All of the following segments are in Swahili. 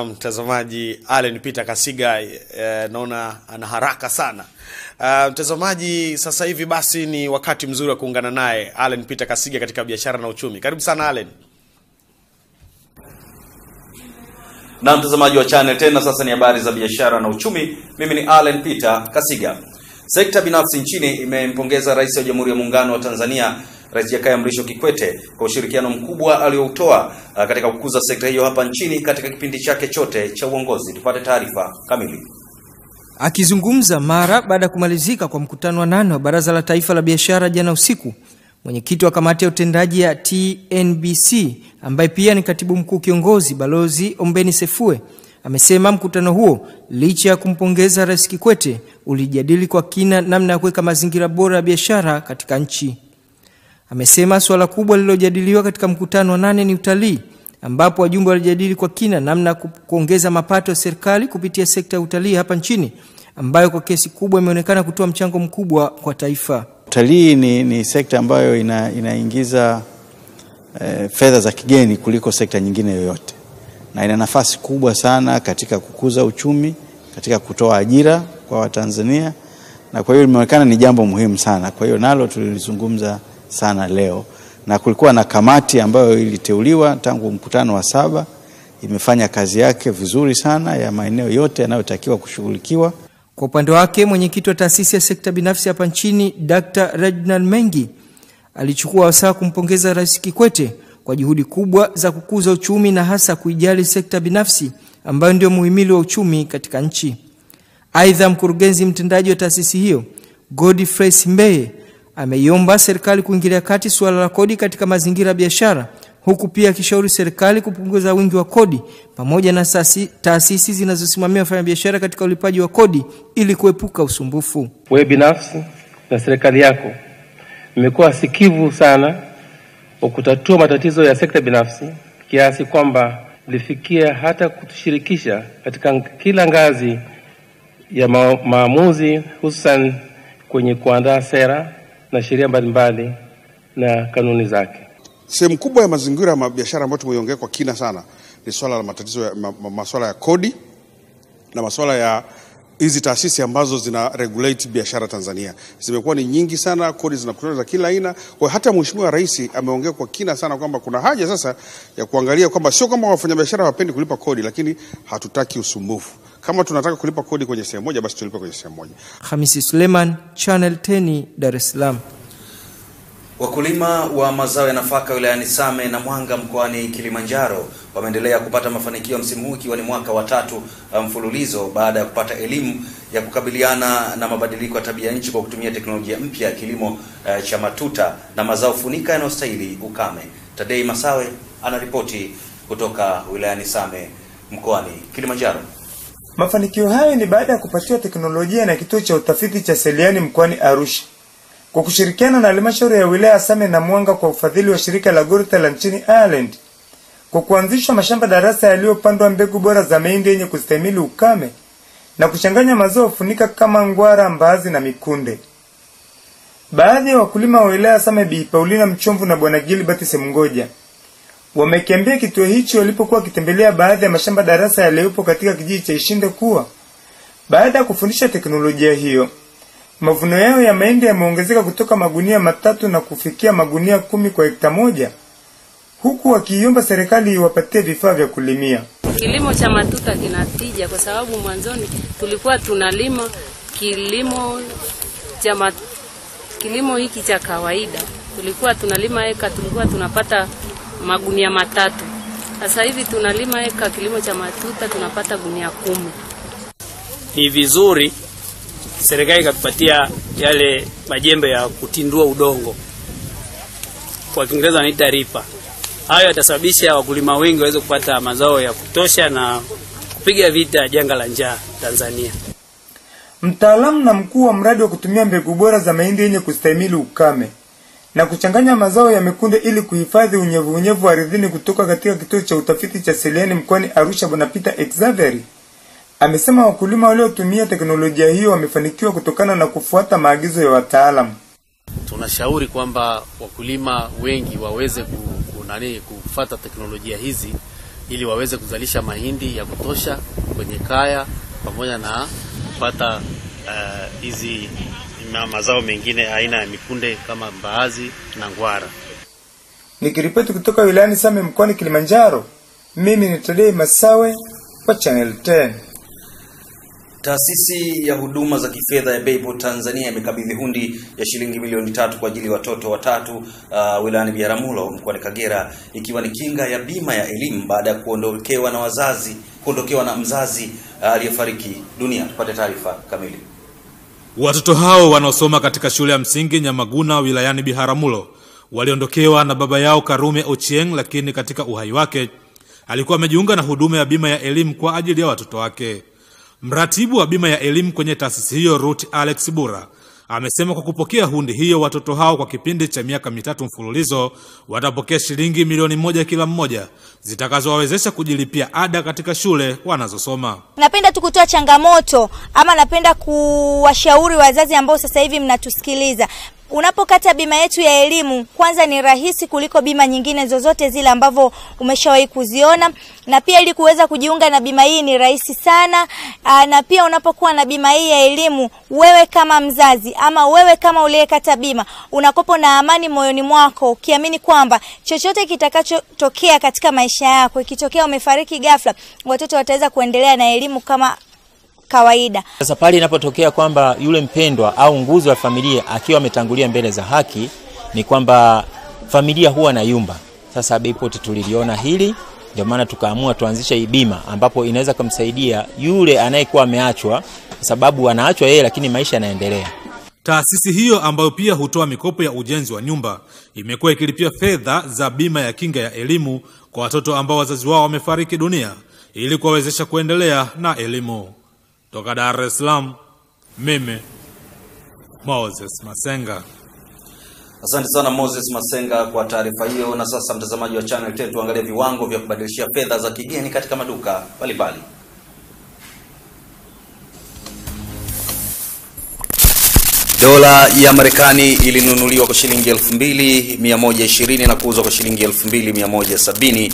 Mtazamaji Allen Peter Kasiga e, naona ana haraka sana. Eh, mtazamaji, sasa hivi basi ni wakati mzuri wa kuungana naye Allen Peter Kasiga katika biashara na uchumi. Karibu sana Allen. Na mtazamaji wa channel tena, sasa ni habari za biashara na uchumi. Mimi ni Allen Peter Kasiga. Sekta binafsi nchini imempongeza Rais wa Jamhuri ya Muungano wa Tanzania Rais Jakaya Mrisho Kikwete kwa ushirikiano mkubwa aliyoutoa uh, katika kukuza sekta hiyo hapa nchini katika kipindi chake chote cha uongozi. Tupate taarifa kamili. Akizungumza mara baada ya kumalizika kwa mkutano wa nane wa Baraza la Taifa la Biashara jana usiku, mwenyekiti wa kamati ya utendaji ya TNBC ambaye pia ni katibu mkuu kiongozi Balozi Ombeni Sefue amesema mkutano huo licha ya kumpongeza Rais Kikwete ulijadili kwa kina namna ya kuweka mazingira bora ya biashara katika nchi. Amesema suala kubwa lililojadiliwa katika mkutano wa nane ni utalii, ambapo wajumbe walijadili kwa kina namna ya kuongeza mapato ya serikali kupitia sekta ya utalii hapa nchini, ambayo kwa kiasi kubwa imeonekana kutoa mchango mkubwa kwa taifa. Utalii ni, ni sekta ambayo ina, inaingiza eh, fedha za kigeni kuliko sekta nyingine yoyote, na ina nafasi kubwa sana katika kukuza uchumi, katika kutoa ajira kwa Watanzania, na kwa hiyo limeonekana ni jambo muhimu sana. Kwa hiyo nalo tulilizungumza sana leo, na kulikuwa na kamati ambayo iliteuliwa tangu mkutano wa saba, imefanya kazi yake vizuri sana ya maeneo yote yanayotakiwa kushughulikiwa. Kwa upande wake, mwenyekiti wa taasisi ya sekta binafsi hapa nchini Dr. Reginald Mengi alichukua wasaa kumpongeza Rais Kikwete kwa juhudi kubwa za kukuza uchumi na hasa kuijali sekta binafsi ambayo ndio muhimili wa uchumi katika nchi. Aidha, mkurugenzi mtendaji wa taasisi hiyo Godfrey Simbeye Ameiomba serikali kuingilia kati suala la kodi katika mazingira ya biashara huku pia akishauri serikali kupunguza wingi wa kodi pamoja na sasi, taasisi zinazosimamia wafanyabiashara katika ulipaji wa kodi ili kuepuka usumbufu. Wewe binafsi na serikali yako mmekuwa sikivu sana wa kutatua matatizo ya sekta binafsi kiasi kwamba lifikia hata kutushirikisha katika kila ngazi ya ma maamuzi, hususan kwenye kuandaa sera na sheria mbalimbali na kanuni zake. Sehemu kubwa ya mazingira ya biashara ambayo tumeiongea kwa kina sana ni swala la matatizo ya ma, ma, ya kodi na maswala ya hizi taasisi ambazo zina regulate biashara Tanzania zimekuwa ni nyingi sana, kodi zinakutana za kila aina. Kwa hata Mheshimiwa Rais ameongea kwa kina sana kwamba kuna haja sasa ya kuangalia kwamba sio kwamba wafanyabiashara hawapendi kulipa kodi, lakini hatutaki usumbufu. Kama tunataka kulipa kodi kwenye sehemu moja, basi tulipe kwenye sehemu moja. Hamisi Suleiman, Channel 10, Dar es Salaam. Wakulima wa mazao ya nafaka wilayani Same na Mwanga mkoani Kilimanjaro wameendelea kupata mafanikio msimu huu ikiwa ni mwaka wa tatu uh, mfululizo baada ya kupata elimu ya kukabiliana na mabadiliko ya tabia nchi kwa kutumia teknolojia mpya ya kilimo uh, cha matuta na mazao funika yanayostahili ukame. Tadei Masawe anaripoti kutoka wilayani Same mkoani Kilimanjaro. Mafanikio hayo ni baada ya kupatiwa teknolojia na kituo cha utafiti cha Seliani mkoani Arusha kwa kushirikiana na halmashauri ya wilaya Same na Mwanga kwa ufadhili wa shirika la Gorta la nchini Ireland kwa kuanzishwa mashamba darasa yaliyopandwa mbegu bora za mahindi yenye kustahimili ukame na kuchanganya mazao funika kama ngwara, mbaazi na mikunde. Baadhi ya wakulima wa wilaya Same Bi Paulina Mchomvu na Bwana Gilbert Semngoja Wamekiambia kituo hicho walipokuwa wakitembelea baadhi ya mashamba darasa yaliyopo katika kijiji cha Ishinde kuwa baada ya kufundisha teknolojia hiyo, mavuno yao ya mahindi yameongezeka kutoka magunia matatu na kufikia magunia kumi kwa hekta moja, huku wakiiomba serikali iwapatie vifaa vya kulimia. Kilimo cha matuta kinatija kwa sababu mwanzoni tulikuwa tunalima kilimo cha kilimo hiki cha kawaida, tulikuwa tunalima eka, tulikuwa tunapata magunia matatu. Sasa hivi tunalima eka kilimo cha matuta tunapata gunia kumi. Ni vizuri serikali ikatupatia yale majembe ya kutindua udongo, kwa Kiingereza wanaita ripa. Hayo yatasababisha wakulima wengi waweze kupata mazao ya kutosha na kupiga vita janga la njaa Tanzania. Mtaalamu na mkuu wa mradi wa kutumia mbegu bora za mahindi yenye kustahimili ukame na kuchanganya mazao ya mikunde ili kuhifadhi unyevunyevu ardhini. Kutoka katika kituo cha utafiti cha Seliani mkoani Arusha, Bwana Peter Exaveri amesema wakulima waliotumia teknolojia hiyo wamefanikiwa kutokana na kufuata maagizo ya wataalamu. Tunashauri kwamba wakulima wengi waweze kunani kufuata teknolojia hizi ili waweze kuzalisha mahindi ya kutosha kwenye kaya pamoja na kupata eh, hizi uh, na mazao mengine aina ya mikunde kama mbaazi na ngwara. Nikiripoti kutoka wilayani Same mkoani Kilimanjaro, mimi ni Tadei Masawe kwa Channel 10. Taasisi ya huduma za kifedha ya Beibo Tanzania imekabidhi hundi ya shilingi milioni tatu kwa ajili ya watoto watatu uh, wilayani Biaramulo mkoani Kagera, ikiwa ni kinga ya bima ya elimu baada ya kuondokewa na wazazi kuondokewa na mzazi uh, aliyefariki uh, dunia. Tupate taarifa kamili. Watoto hao wanaosoma katika shule ya msingi Nyamaguna wilayani Biharamulo waliondokewa na baba yao Karume Ochieng, lakini katika uhai wake alikuwa amejiunga na huduma ya bima ya elimu kwa ajili ya watoto wake. Mratibu wa bima ya elimu kwenye taasisi hiyo Ruth Alex Bura amesema kwa kupokea hundi hiyo watoto hao kwa kipindi cha miaka mitatu mfululizo watapokea shilingi milioni moja kila mmoja zitakazowawezesha kujilipia ada katika shule wanazosoma. Napenda tu kutoa changamoto ama napenda kuwashauri wazazi ambao sasa hivi mnatusikiliza, Unapokata bima yetu ya elimu, kwanza ni rahisi kuliko bima nyingine zozote zile ambavyo umeshawahi kuziona, na pia ili kuweza kujiunga na bima hii ni rahisi sana. Aa, ah, na pia unapokuwa na bima hii ya elimu, wewe kama mzazi ama wewe kama uliyekata bima unakopo na amani moyoni mwako, ukiamini kwamba chochote kitakachotokea katika maisha yako, ikitokea umefariki ghafla, watoto wataweza kuendelea na elimu kama kawaida. Sasa pale inapotokea kwamba yule mpendwa au nguzo ya familia akiwa ametangulia mbele za haki, ni kwamba familia huwa na yumba. Sasa Bpot tuliliona hili, ndio maana tukaamua tuanzishe hii bima ambapo inaweza kumsaidia yule anayekuwa ameachwa, kwa sababu anaachwa yeye, lakini maisha yanaendelea. Taasisi hiyo ambayo pia hutoa mikopo ya ujenzi wa nyumba imekuwa ikilipia fedha za bima ya kinga ya elimu kwa watoto ambao wazazi wao wamefariki dunia ili kuwawezesha kuendelea na elimu. Toka Dar es Salaam, mimi Moses Masenga. Asante sana Moses Masenga kwa taarifa hiyo. Na sasa, mtazamaji wa Channel Ten, tuangalie viwango vya kubadilishia fedha za kigeni katika maduka mbalimbali. Dola ya Marekani ilinunuliwa kwa shilingi 2120 na kuuzwa kwa shilingi 2170.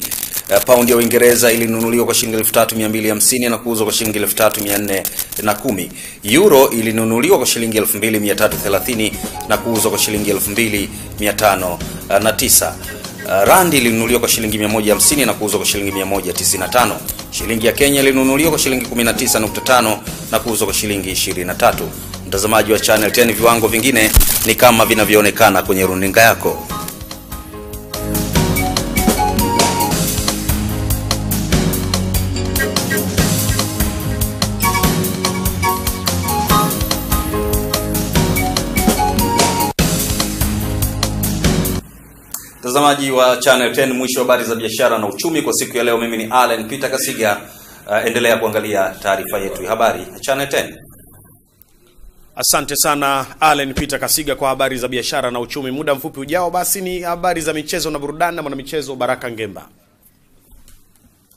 Uh, paundi ya Uingereza ilinunuliwa kwa shilingi 3250 na kuuzwa kwa shilingi 3410. Euro ilinunuliwa kwa shilingi 2330 na kuuzwa kwa shilingi 2509. Uh, randi ilinunuliwa kwa shilingi 150 na kuuzwa kwa shilingi 195. Shilingi ya Kenya ilinunuliwa kwa shilingi 19.5 na kuuzwa kwa shilingi 23 mtazamaji wa Channel 10, viwango vingine ni kama vinavyoonekana kwenye runinga yako. Mtazamaji wa Channel 10, mwisho wa habari za biashara na uchumi kwa siku ya leo. Mimi ni Allen Peter Kasiga. Uh, endelea kuangalia taarifa yetu ya habari Channel 10. Asante sana Allen Peter Kasiga kwa habari za biashara na uchumi. Muda mfupi ujao, basi ni habari za michezo na burudani na mwanamichezo Baraka Ngemba.